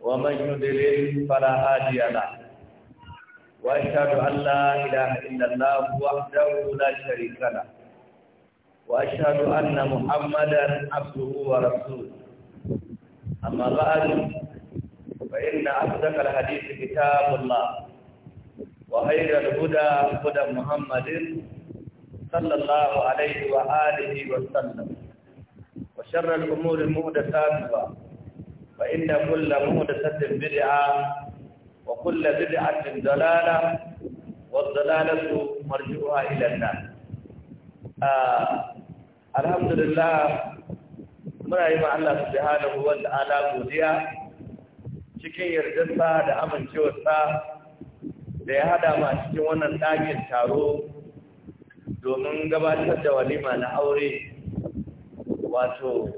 ومن يضلل فلا هادي له واشهد ان لا اله الا الله وحده لا شريك له واشهد ان محمدا عبده ورسوله اما بعد فان اصدق الحديث كتاب الله وخير الهدى هدى محمد صلى الله عليه واله وسلم وشر الامور محدثاتها فإن كل مهدسة بدعة وكل بدعة ضلالة والضلالة مرجوها إلى النار الحمد لله من yi ma Allah subhanahu wa cikin yardarsa da amincewarsa da ya hada ma cikin wannan ɗakin taro domin gabatar da walima na aure wato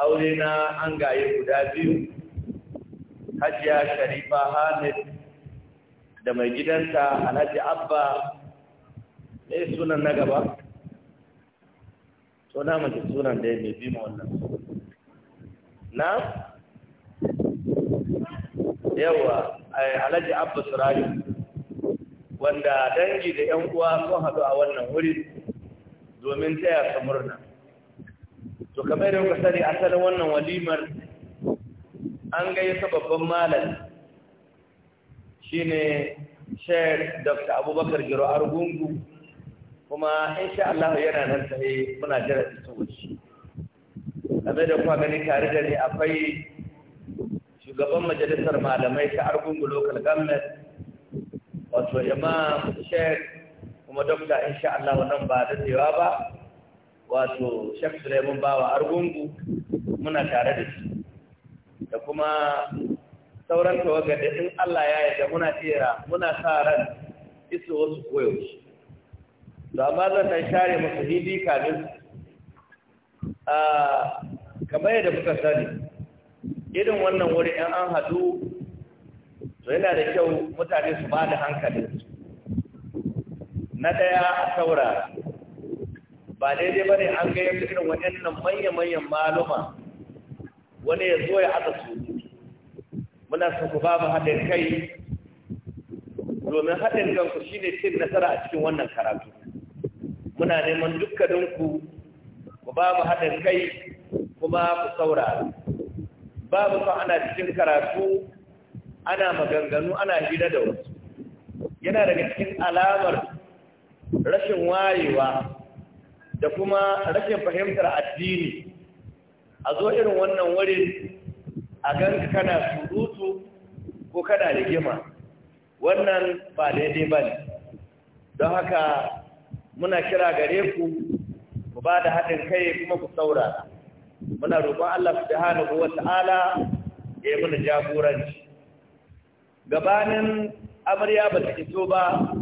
aure na an gaye guda biyu hajiya sharifa hamid da mai gidanta alhaji abba ne sunan na gaba na mace sunan da ya mai bi ma wannan na yawa alhaji abba surari wanda dangi da 'yan uwa sun haɗu a wannan wuri domin taya su murna to kamar yau ka sani asalin wannan walimar an gayyata babban malam ne Sheikh Dr. Abubakar Giro Argungu kuma insha Allah yana nan tsaye muna jira su wuce kamar da kuma gani tare da ni akwai shugaban majalisar malamai ta Argungu Local Government wato Imam shayar kuma Dr. insha Allah nan ba da tsewa ba wato shek direban bawa argungu muna tare da shi da kuma sauran tawagar da in Allah ya da muna tera muna sa ran iso wasu koyaushe to amma zan dan share musu hidi kamin a kamar yadda muka sani irin wannan wuri 'yan an hadu to yana da kyau mutane su ba da hankalinsu na daya a saurara ba daidai ba ne an ga yanzu irin waɗannan manya-manyan maluma wani ya zo ya haɗa su muna son ku babu haɗin kai domin haɗin kanku shine cin nasara a cikin wannan karatu muna neman dukkaninku ku babu haɗin kai kuma ku ba babu son ana cikin karatu ana maganganu ana hira da wasu yana daga cikin alamar rashin wayewa da kuma rashin fahimtar addini a zo irin wannan wuri a ganka kana surutu ko kana rigima wannan ba daidai ba ne don haka muna kira gare ku mu ba da haɗin kai kuma ku saura muna roƙon Allah subhanahu wa ta'ala ya yi mana jagoranci gabanin amarya ba ta fito ba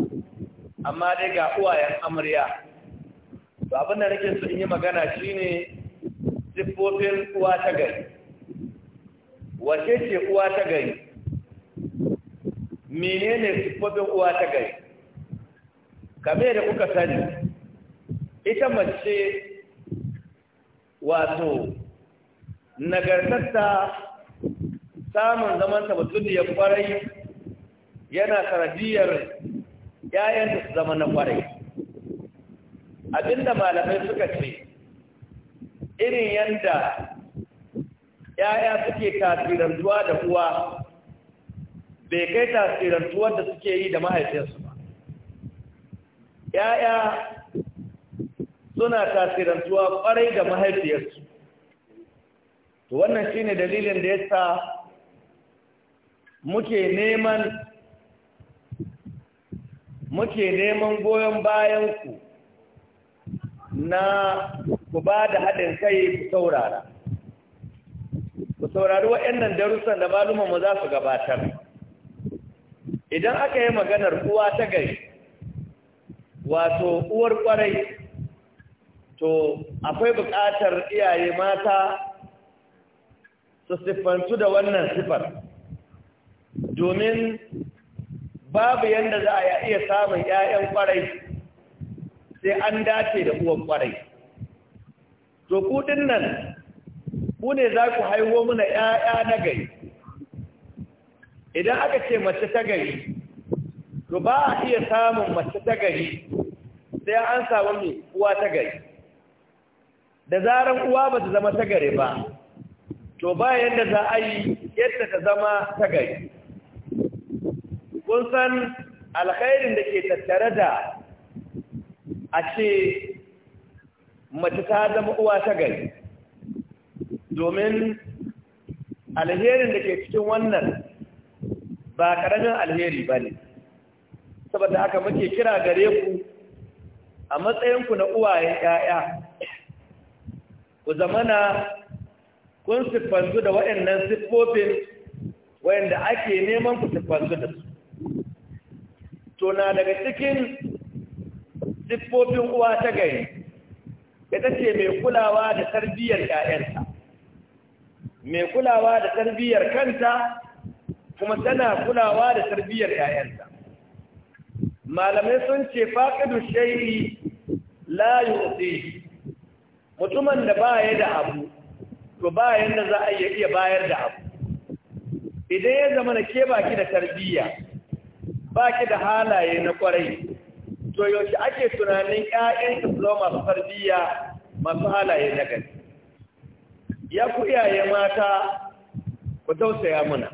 amma dai ga uwayen amarya to abin da nake so in yi magana shine siffofin uwa ta gari wace ce uwa ta gari menene siffofin uwa ta gari kame da kuka sani ita mace wato nagartarta samun zamanta ya kwarai yana sanadiyar ‘ya'yanta su zama na kwarai abinda malamai suka ce irin yanda ‘ya'ya suke tasirantuwa da uwa bai kai tasirantuwar da suke yi da mahaifinsu ba ‘ya'ya suna tasirantuwa kwarai da mahaifiyarsu to wannan shine dalilin da ya sa muke neman muke neman goyon bayanku na ku ba da haɗin kai ku saurara ku saurari waɗannan darussan da malumanmu za su gabatar idan aka yi maganar uwa ta gari wato uwar kwarai to akwai buƙatar iyaye mata su siffantu da wannan siffar domin babu yadda za a iya samun 'ya'yan ƙwarai. sai an dace da uwan kwarai to kudin nan ku ne za ku haihuwa muna ‘ya'ya na gari idan aka ce mace ta gari to ba a iya samun mace ta gari sai an samu mai uwa ta gari da zaran uwa ba ta zama ta gari ba to ba yadda za a yi yadda ta zama ta gari kun san alkhairin da ke tattare da a ce mace ta zama uwa ta gari domin alherin da ke cikin wannan ba ƙaramin alheri ba ne saboda aka muke kira gare ku a matsayinku na uwaye 'ya'ya ku zamana kun siffantu da waɗannan siffofin waɗanda ake neman ku siffantu da su to na daga cikin siffofin uwa ta gari ta ce mai kulawa da tarbiyyar ƴaƴanta mai kulawa da tarbiyyar kanta kuma tana kulawa da tarbiyyar ƴaƴanta malamai sun ce faqidu shay'i la yu'ti mutumin da baya da abu to bayan da za a iya bayar da abu idan ya zama na ke baki da tarbiyya baki da halaye na kwarai to yaushe ake tunanin ƴaƴan su zama masu halaye na gari ya ku iyaye mata ku tausaya muna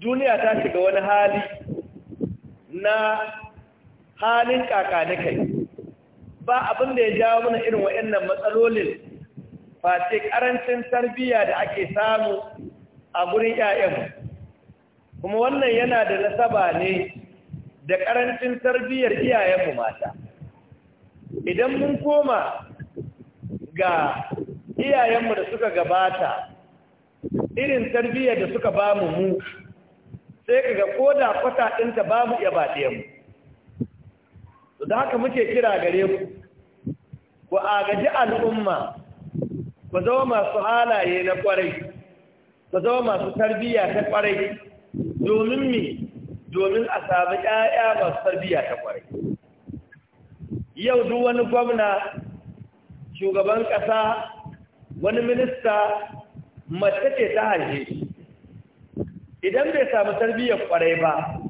duniya ta shiga wani hali na halin kakanikai. ba abin da ya jawo mana irin waɗannan matsalolin face ƙarancin tarbiyya da ake samu a gurin 'ya'yan kuma wannan yana da nasaba ne da ƙarancin tarbiyyar iyayenmu mata idan mun koma ga iyayenmu da suka gabata irin tarbiyyar da suka ba mu mu sai ka ga koda kwata ɗinta ba mu iya mu su da haka muke kira gare ku ku agaji al'umma ku zama masu halaye na ƙwarai ku zama masu tarbiyya ta ƙwarai domin me domin a sami ƴaƴa masu tarbiyya ta kwarai yau duk wani gwamna shugaban ƙasa wani minista mace ce ta haife idan bai sami tarbiyyar kwarai ba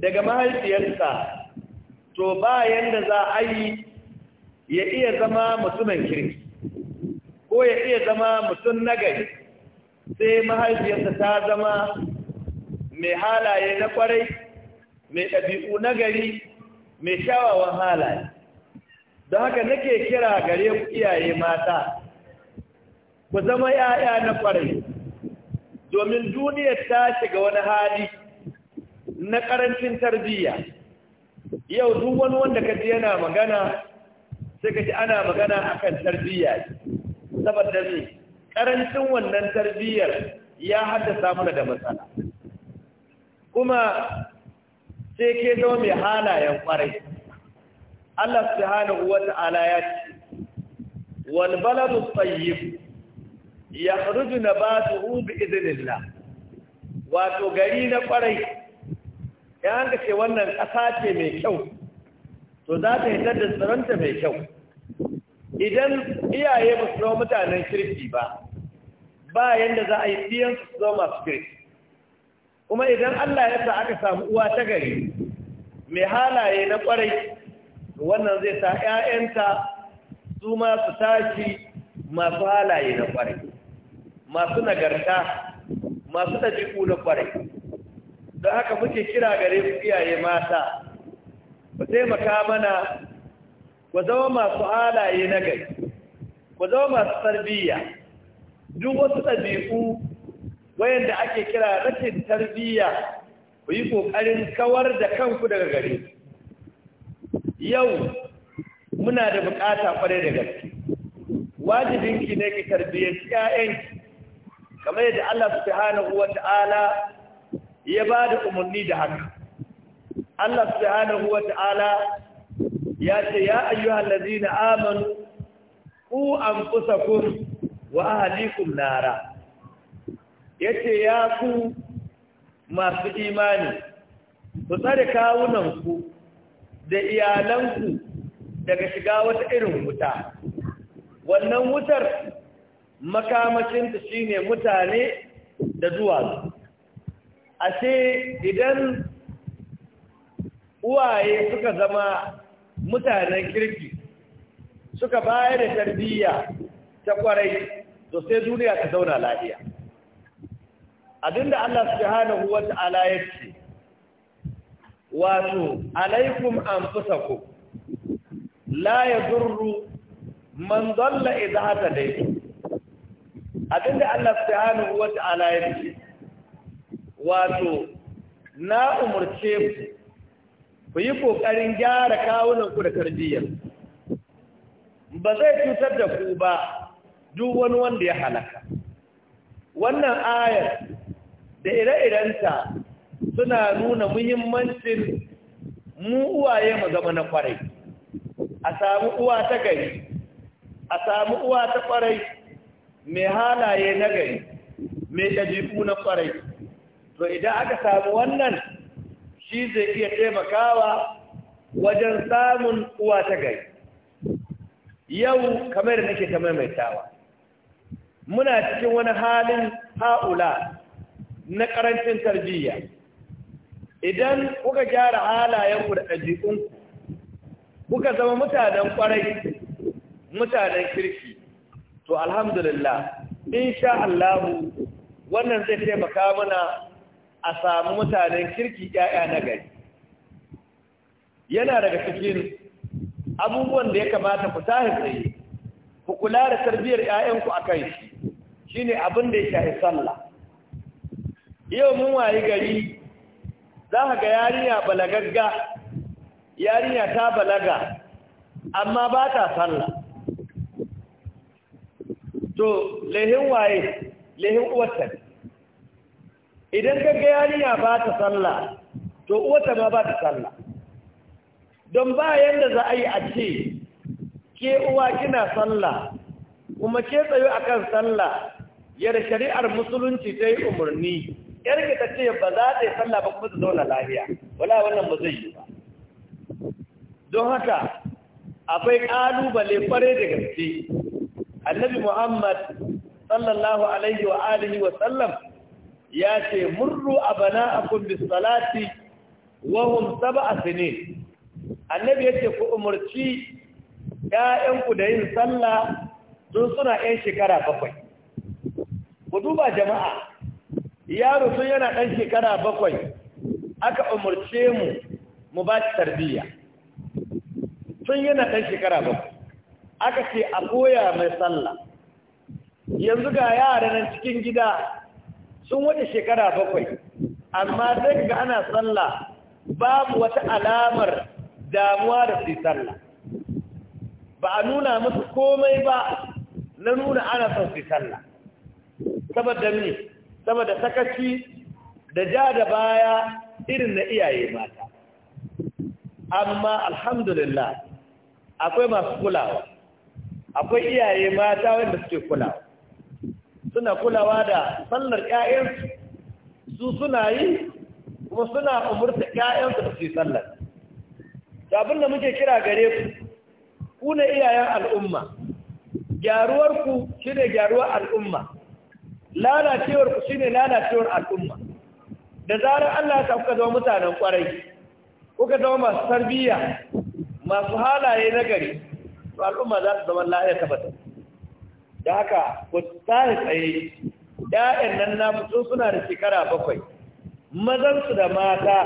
daga mahaifiyarsa to ba yadda za a yi ya iya zama mutumin kirki ko ya iya zama mutum nagari sai mahaifiyarsa ta zama mai halaye na kwarai mai ɗabi'u na gari mai shawawan halaye don haka nake kira gare ku iyaye mata ku zama ‘ya'ya na kwarai domin duniyar ta shiga wani hali na ƙarancin tarbiyya yau duk wani wanda ka ji yana magana sai ka ji ana magana akan tarbiyya saboda ne ƙarancin wannan tarbiyyar ya haddasa mana da matsala kuma sai ke zama mai halayen kwarai Allah subhanahu wata'ala ya ce wal baladu tayyib yakhruju nabatuhu bi idnillah wato gari na kwarai ya ka ce wannan ƙasa ce mai kyau to za ta hitar da tsaronta mai kyau idan iyaye ba su zama mutanen kirki ba ba yadda za a yi biyan su zama masu kirki kuma idan Allah ya sa aka samu uwa ta gari mai halaye na kwarai wannan zai sa ‘ya'yanta su ma su tashi masu halaye na kwarai masu nagarta masu ɗabi'u na kwarai don haka muke kira gare su iyaye mata ku taimaka mana ku zama masu halaye na gari ku zama masu tarbiyya duk wasu ɗabi'u wayanda ake kira rashin tarbiyya ku yi ƙoƙarin kawar da kanku daga gari. yau muna da bukata kwarai da gaske wajibinki ne ki tarbiyyar ƴaƴanki kamar yadda Allah subhanahu wata'ala ya ba da umarni da haka Allah subhanahu wata'ala ya ce ya ayyuhal ladzina amanu ku anfusakum wa ahlikum nara Ya ce ya ku masu imani ku tsare kawunanku da iyalanku daga shiga wata irin wuta wannan wutar makamacinta shine mutane da duwatsu ce idan uwaye suka zama mutanen kirki suka bayar da tarbiyya ta kwarai sosai duniya ta zauna lafiya abinda Allah subhanahu wata'ala ya ce wato alaikum anfusakum la yadurru man dalla idha hadaytum abinda Allah subhanahu wata'ala ya ce wato na umurce ku ku yi kokarin gyara kawunan ku da tarbiyyar ba zai cutar da ku ba duk wani wanda ya halaka wannan ayar da ire-irenta suna nuna muhimmancin mu uwaye mu zama na kwarai a samu uwa ta gari a samu uwa ta kwarai mai halaye na gari mai ɗabi'u na kwarai to idan aka samu wannan shi zai iya taimakawa wajen samun uwa ta gari yau kamar da nake ta maimaitawa muna cikin wani halin ha'ula na ƙarancin tarbiyya idan kuka gyara halayenku da ɗabi'unku kuka zama mutanen ƙwarai mutanen kirki to alhamdulillah insha Allahu wannan zai taimaka mana a samu mutanen kirki ƴaƴa na gari yana daga cikin abubuwan da ya kamata ku tahi tsaye ku kula da tarbiyyar ƴaƴanku akan shi shine abin da ya shafi sallah yau mun wayi gari za ka ga yarinya balagagga yarinya ta balaga amma ba ta sallah to lehin waye lehin uwarta idan ka ga yarinya ba ta sallah to uwarta ma ba ta sallah don ba yanda za a yi a ce ke uwa kina sallah kuma ke tsayo akan sallah yadda shari'ar musulunci ta yi umarni yarki ta ce ba za ta yi sallah ba kuma ta zauna lafiya wala wannan ba zai yi ba don haka akwai kalubale kware da gaske annabi muhammad sallallahu alaihi wa alihi wa sallam ya ce murru abana'akum bis salati wa hum sab'a sinin annabi yace ku umurci ku da yin sallah don suna ƴan shekara bakwai ku duba jama'a yaro sun yana ɗan shekara bakwai aka umarce mu mu ba shi tarbiyya sun yana ɗan shekara bakwai aka ce a koya mai sallah yanzu ga yara nan cikin gida sun wuce shekara bakwai amma zai ga ana sallah babu wata alamar damuwa da su sallah ba a nuna musu komai ba na nuna ana son su sallah saboda ne saboda sakaci da ja da baya irin na iyaye mata amma alhamdulillah akwai masu kulawa akwai iyaye mata wanda suke kulawa suna kulawa da sallar ƴaƴansu su suna yi kuma suna umurta ƴaƴansu da su sallar da abin da muke kira gare ku ku ne iyayen al'umma gyaruwarku shi ne gyaruwar al'umma lalacewar ku shine lalacewar al'umma da zarar Allah ya kuka zama mutanen kwarai kuka zama masu tarbiyya masu halaye na gari to al'umma za su zama lafiya tabbata da haka ku tsare tsaye ‘ya'yan nan na fito suna da shekara bakwai mazansu da mata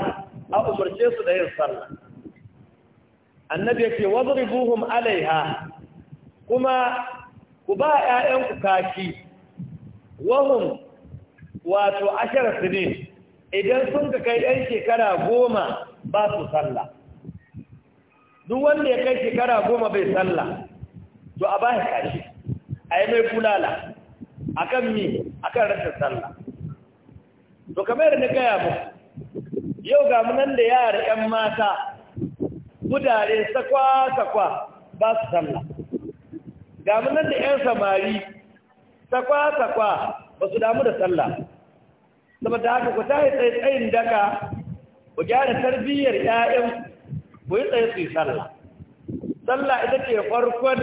a umarce su da yin sallah annabi yake buhun alaiha kuma ku ba ‘ya'yanku kaki wahum wato ashara ne idan sun ka kai ɗan shekara goma ba su sallah duk wanda ya kai shekara goma bai sallah to a ba kashi a yi mai kulala a kan mi a kan rashin sallah to kamar na gaya ba yau ga nan da yara 'yan mata gudare sakwa-sakwa ba su sallah ga nan da 'yan samari sakwa-sakwa ba su damu da sallah saboda haka ku tayi tsaye-tsayin daka ku gyara tarbiyyar 'ya'yan ku yi tsaye su yi sallah sallah ita ce farkon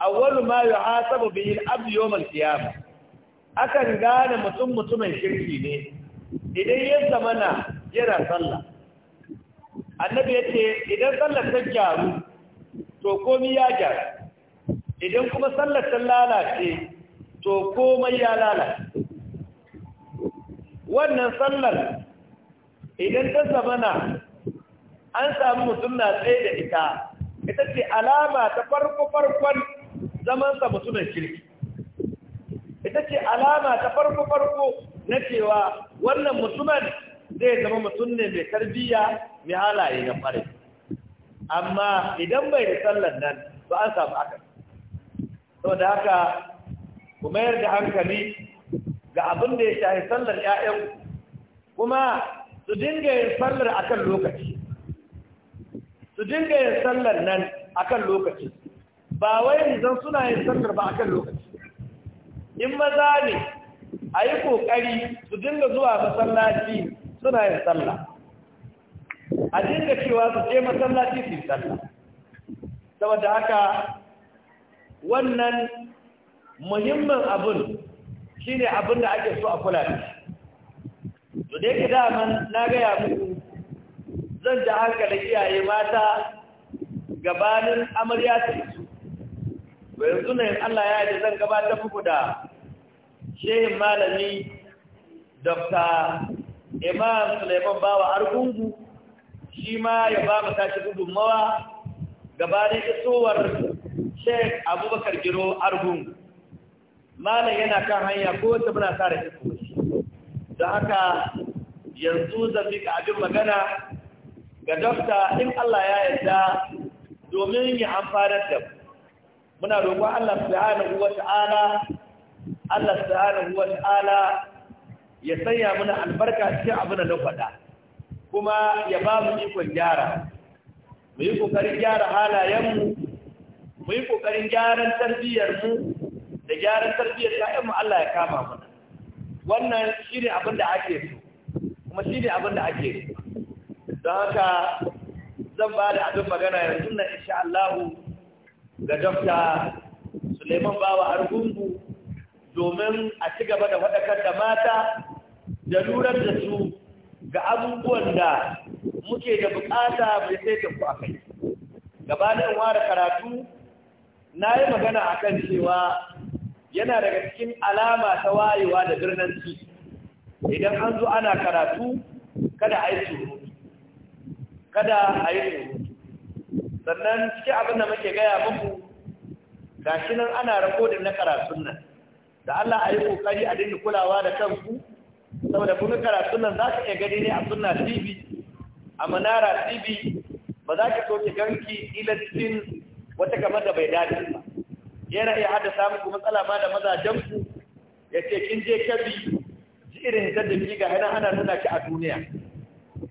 awwalu ma yuhasabu bihi al-abdu yawm al akan gane mutum mutumin shirki ne idan ya zamana yana sallah annabi ce idan sallar ta gyaru to komai ya gyaru idan kuma sallar ta lalace to komai ya lalata wannan sallar idan ta zamana an samu mutum na tsaye da ita ita ce alama ta farko-farkon zamansa mutumin kirki ita ce alama ta farko-farko na cewa wannan mutumin zai zama mutum ne mai tarbiyya mai halaye na fari amma idan bai da sallar nan ba an samu aka sau da haka ku mayar da hankali ga abin da ya shahi sallar 'ya'yanku kuma su dinga yin sallar a kan lokaci su dinga yin sallar nan a kan lokaci ba wai zan suna yin sallar ba a kan lokaci in maza ne a yi ƙoƙari su dinga zuwa masallaci suna yin sallar a dinga cewa su je masallaci su yi sallar saboda haka wannan muhimmin abin ne abin da ake so a kula da shi to da yake daman na gaya muku zan ji hankalin iyaye mata gabanin amarya ta isu to yanzu ne Allah ya yi zan gabata muku da shehin malami Dr. Imam Suleiman Bawa Argungu shi ma ya ba mu tashi gudunmawa gabanin isowar Sheikh Abubakar Giro Argungu malam yana kan hanya ko wata muna sa da kikoci don haka yanzu zan ka abin magana ga dokta in Allah ya yarda domin yi amfanar da muna roƙo Allah subhanahu ta'ala Allah subhanahu ta'ala ya sanya muna albarka cikin abin na faɗa kuma ya ba mu ikon gyara mu yi ƙoƙarin gyara halayenmu mu yi ƙoƙarin gyaran tarbiyyarmu da gyaran tarbiyyar ƴaƴan mu Allah ya kama mu wannan shine abin da ake so kuma shine abin da ake so don haka zan ba da abin magana yanzu na insha Allah ga Dr. Suleiman Bawa Argungu domin a ci gaba da waɗakar da mata da lura da su ga abubuwan da muke da bukata mai sai da ku a kai. Gabanin ware karatu na yi magana akan cewa yana daga cikin alama ta wayewa da birnin ci idan an zo ana karatu kada a yi tsoro kada a yi tsoro sannan cikin abin da muke gaya muku gashi nan ana rakodin na karatun nan da Allah a yi kokari a dinga kulawa da kanku saboda kuma karatun nan za ka iya gani ne a sunna tv a manara tv ba za ka soke ganki ila wata kamar da bai dace ba yana iya haddasa muku matsala ba da mazajenku ya ce kin je kabi ji irin hitar da ga hana ana nuna ki a duniya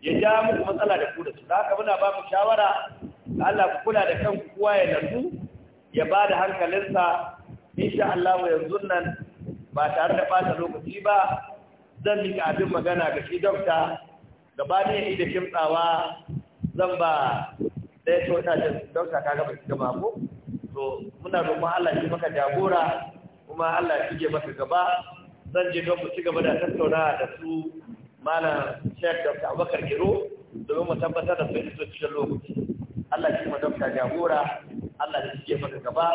ya ja muku matsala da ku da su da haka muna ba ku shawara da Allah ku kula da kanku kowa ya nasu ya ba da hankalinsa insha Allah yanzu nan ba tare da bata lokaci ba zan nika abin magana ga shi dokta ne ya yi da kimtsawa zan ba ɗaya dokta shi to muna roƙon Allah shi maka jagora kuma Allah shi ke maka gaba zan je don mu ci gaba da tattauna da su malam Sheikh Dr. Abubakar Giro domin mu tabbatar da su iso cikin lokaci Allah shi ma Dr. jagora Allah shi ke maka gaba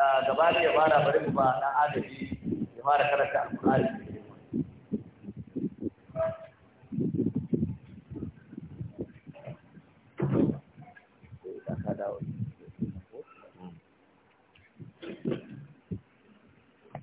ah, gaba ne ya fara bari mu ba na adadi ya fara karanta alƙur'ani